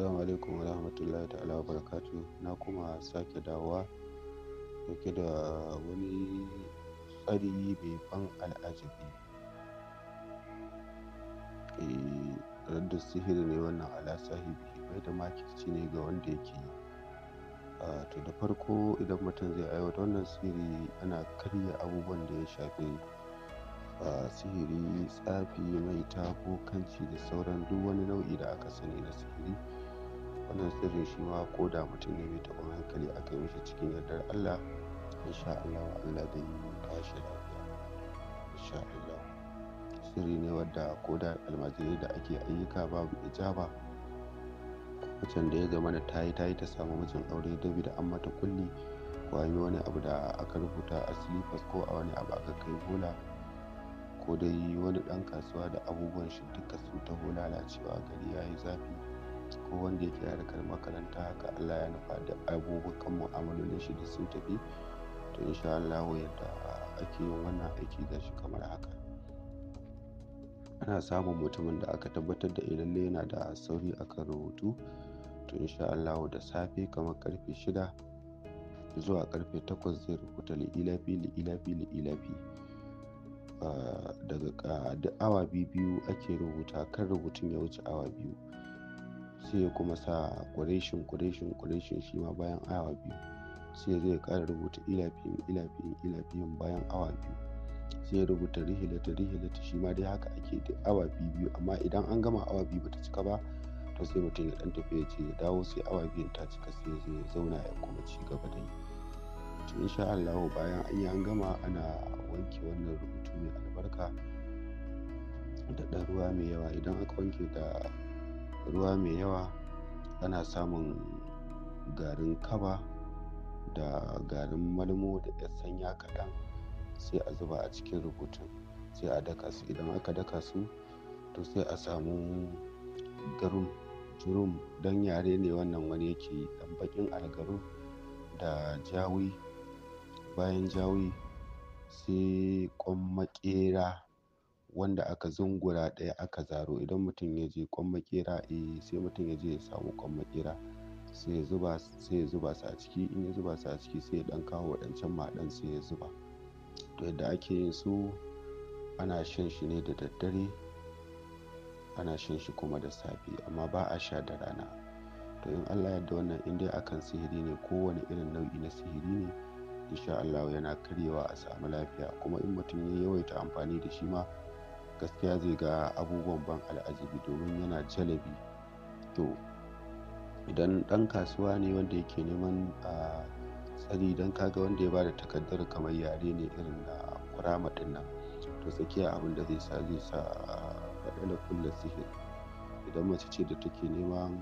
assalamu alaikum wa rahmatullahi ta'ala wa barakatu na kuma sake dawowa dauke da wani tsari mai ban al'ajabi eh, radda sihiri ne wannan ala sahibi mai da makirci ne ga wanda yake yi ah, to da farko idan mutum zai aiwata wannan sihiri ana karya abubuwan da ya shafi ah, sihiri tsafi mai kanci da sauran duk wani nau'i da aka sani na sihiri wannan sirrin shi ma ko da mutum ne ta taɓa hankali aka yi mishi cikin yardar Allah insha Allah Allah da yi tashi lafiya insha Allah sirri ne wadda ko da almajirai da ake ayyuka babu ijaba macen da ya zama da tayi tayi ta samu mijin aure dabi da an mata kulli ko yi wani abu da aka rubuta a silifas ko a wani abu aka kai bola ko dai wani ɗan kasuwa da abubuwan shi duka sun hula lalacewa gari ya yi zafi ko wanda yake harkar makaranta haka Allah ya nufa da abubuwan mu'amalolin shi da sun tafi to insha Allah yadda ake yin wannan aiki ga shi kamar haka ana samun mutumin da aka tabbatar da ilalle eh yana da sauri akan rubutu to insha Allah da safe kamar karfe shida zuwa karfe takwas zai rubuta li'ilafi li'ilafi li'ilafi ah, daga ah, duk awa biyu ake rubuta kan rubutun ya wuce awa biyu sai ya kuma sa kureshin kureshin kureshin shi ma bayan awa biyu sai zai kara rubuta ilafiyin ilafiyin ilafiyin bayan awa biyu sai ya rubuta rihilata rihilata shi ma dai haka ake da awa biyu biyu amma idan an gama awa biyu bata cika ba to sai mutum ya ɗan tafi ya ce ya dawo sai awa biyun ta cika sai ya zauna ya kuma ci gaba da yi to insha Allah bayan an yi an gama ana wanke wannan rubutu mai albarka da ɗan ruwa mai yawa idan aka wanke da ruwa mai yawa ana samun garin kaba da garin malmo da ya sanya kaɗan sai a zuba a cikin rubutun sai a daka su idan aka daka su to sai a samu garum jurum don yare ne wannan wani yake ɗan baƙin algaru da jawi bayan jawi sai ƙwan maƙera wanda aka zungura ɗaya aka zaro idan mutum ya je kwan makera eh, sai mutum ya je ya samu kwan makera sai ya zuba su a ciki in ya zuba su a ciki sai ya ɗan kawo waɗancan maɗan sai ya zuba to yadda ake yin su ana shan shi ne da daddare ana shan shi kuma da safe amma ba a sha da rana to in allah yadda wannan in dai akan sihiri ne kowane irin nau'i na sihiri ne insha allah yana karyewa a samu lafiya kuma in mutum ya yawaita amfani da shi ma gaskiya zai ga abubuwan ban al'ajibi domin yana jalabi to idan ɗan kasuwa ne wanda yake neman a tsari don kaga wanda ya bada takardar kamar yare ne irin na kurama to tsakiya abin da zai sa zai sa faɗaɗa kulla sihir idan mace ce da take neman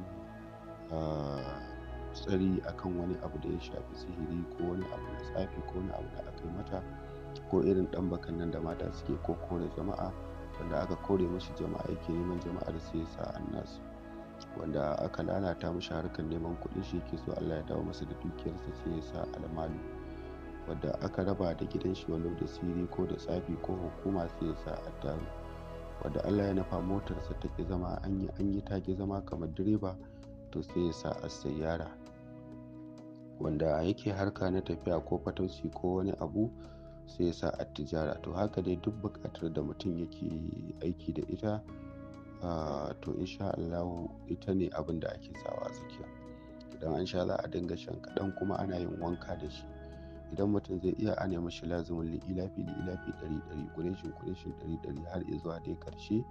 tsari akan wani abu da ya shafi sihiri ko wani abu na tsafi ko wani abu da aka yi mata ko irin ɗan bakan nan da mata suke ko kore jama'a wanda aka kore musu jama'a yake neman jama'ar sai sa annas wanda aka lalata mashi harkar neman kuɗin shi yake so Allah ya dawo masa da dukiyarsa sai ya sa almalu wanda aka raba da gidan shi walau da siri ko da tsafi ko hukuma sai ya sa addaru wanda Allah ya nafa motarsa ta ki zama an yi an yi ta ki zama kamar direba to sai ya sa asayyara wanda yake harka na tafiya ko fatauci ko wani abu sai ya sa attijara to haka dai duk buƙatar da mutum yake aiki da ita to insha Allah ita ne abin da ake sawa a tsakiya idan an sha za a dinga shan kaɗan kuma ana yin wanka da shi idan mutum zai iya ana mashi lazumin li'ilafi li'ilafi ɗari ɗari kureshin kureshin ɗari ɗari har zuwa dai ƙarshe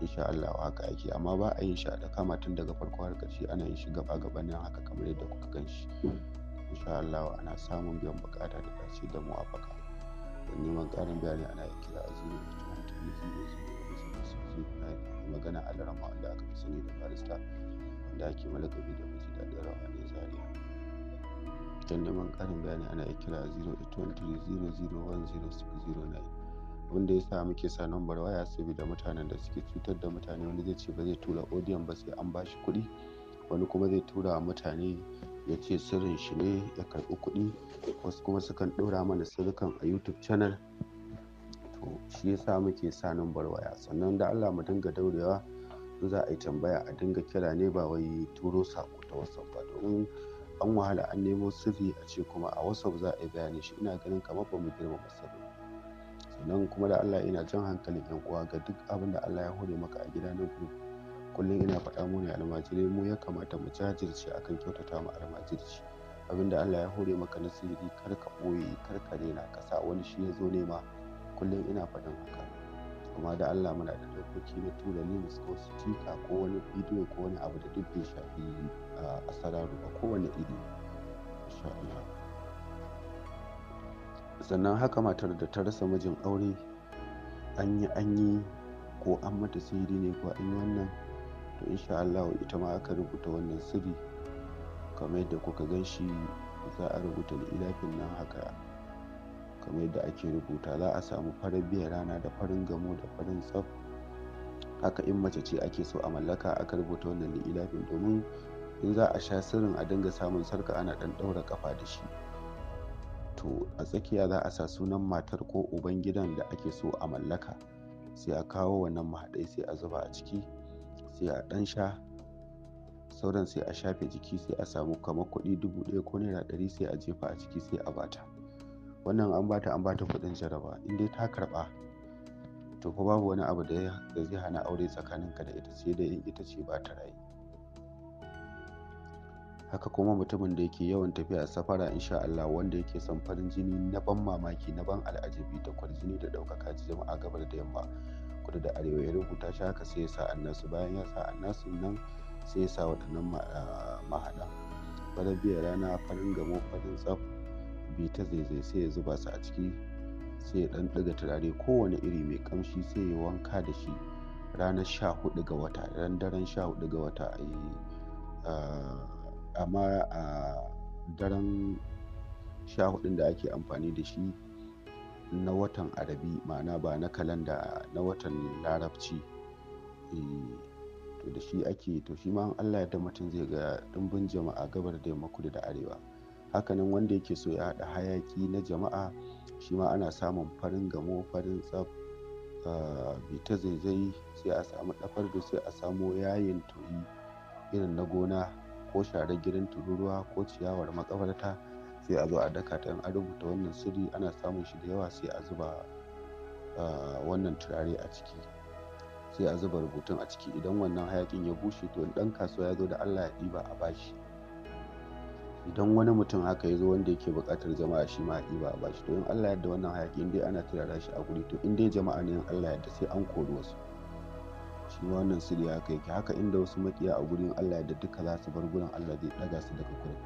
insha Allah haka ake amma ba a yin shi a tun daga farko har ƙarshe ana yin shi gaba gaba nan haka kamar yadda kuka gan shi insha Allah ana samun biyan buƙata da dace da muwafaka don neman ƙarin bayani ana iya kira a zero eight one two zero da one zero six zero nine magana alarama wanda aka fi sani da barista wanda ake malakabi da maji da rawa ne zaria don neman ƙarin bayani ana iya kira a zero eight one two zero zero one zero six zero nine wanda ya sa muke sa nambar waya saboda mutanen da suke cutar da mutane wani zai ce ba zai tura odiyon ba sai an bashi kuɗi wani kuma zai tura mutane ya ce sirrin shi ne ya karɓi kuɗi wasu kuma sukan ɗora mana sirrukan a youtube channel to shi yasa muke sa bar waya sannan da allah mu dinga daurewa in za a yi tambaya a dinga kira ne ba wai turo saƙo ta whatsapp ba domin an wahala an nemo sirri a ce kuma a whatsapp za a yi bayani shi ina ganin kamar ba mu girmama ba sannan kuma da allah ina jan hankalin yan uwa ga duk abin da allah ya hore maka a gida na kullum ina faɗa mu ne almajirai mu ya kamata mu jajirce akan kyautata mu almajirci abinda Allah ya hore maka na sirri kar ka ɓoye kar ka daina ka wani shi ya zo nema kullum ina faɗin haka kuma da Allah muna da dokoki na tura musu wasu stika ko wani bidiyo ko wani abu da duk bai shafi asararu ba kowane iri insha Allah sannan haka matar da ta rasa mijin aure an yi an yi ko an mata sihiri ne ko an yi wannan to insha allahu ita ma aka rubuta wannan sirri kamar yadda kuka gan shi za a rubuta li'ilafin nan haka kamar yadda ake rubuta za a samu farin biyar rana da farin gamo da farin tsaf haka in mace ce ake so a mallaka aka rubuta wannan li'ilafin domin in za a sha sirrin a dinga samun sarka ana ɗan ɗaura kafa da shi to a tsakiya za a sa sunan matar ko uban gidan da ake so a mallaka sai a kawo wannan mahaɗai sai a zuba a ciki sai a ɗan sha sauran sai a shafe jiki sai a samu kamar kuɗi dubu ɗaya ko naira ɗari sai a jefa a ciki sai a bata wannan an bata an bata kuɗin jaraba in dai ta karɓa to fa babu wani abu da zai hana aure tsakaninka da ita sai dai ita ce ba ta rayu haka kuma mutumin da yake yawan tafiya safara insha Allah wanda yake son farin jini na ban mamaki na ban al'ajabi da kwarjini da ɗaukaka jama'a gaba da yamma kudu da arewa ya rubuta shi haka sai ya sa annasu bayan ya sa annasu nan sai ya sa waɗannan ah, mahaɗa farar biya rana farin gamo farin tsaf bi ta zaizai sai ya zuba su a ciki sai ya ɗan ɗaga turare kowane iri mai ƙamshi sai ya wanka da shi ranar sha hudu ga wata ran daren sha hudu ga wata a yi ah, amma a ah, daren sha hudun da ake amfani da shi na watan arabi ma'ana ba na kalanda na watan larabci eh, to da shi ake to shi ma allah ya mutum zai ga ɗimbin jama'a gabar da yamma kudu da arewa hakanan wanda yake so ya haɗa hayaki na jama'a shi ma ana samun farin gamo farin tsaf ah, bita zaizai sai a samu ɗafar da sai a samo yayin turi irin na gona ko share girin tururuwa ko ciyawar makabarta sai a zo a daka ta an rubuta wannan sirri ana samun shi da yawa sai a zuba wannan turare a ciki sai a zuba rubutun a ciki idan wannan hayakin ya bushe to dan kasuwa ya zo da Allah ya ɗiba a bashi idan wani mutum haka ya zo wanda yake buƙatar jama'a shi ma ɗiba a bashi to in Allah yadda wannan hayaki in dai ana turara shi a guri to in dai jama'a ne in Allah yadda sai an kori wasu shi wannan sirri haka yake haka inda wasu maƙiya a gurin Allah yadda duka za su bar gurin Allah zai ɗaga su daga gurin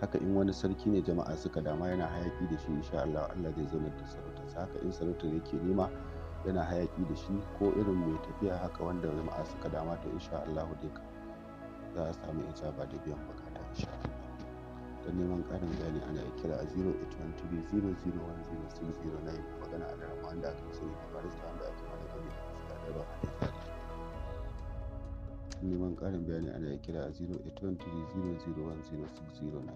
haka in wani sarki ne jama'a suka dama yana hayaki da shi insha Allah Allah zai zaunar da sarautarsa haka in sarautar yake nema yana hayaki da shi ko irin mai tafiya haka wanda jama'a suka dama to insha Allah dai za a samu ijaba da biyan bukata insha Allah don neman karin bayani ana kira a 0813 magana a da wanda aka sani da barista wanda aka mara gani da neman ƙarin bayani ana kira a 0813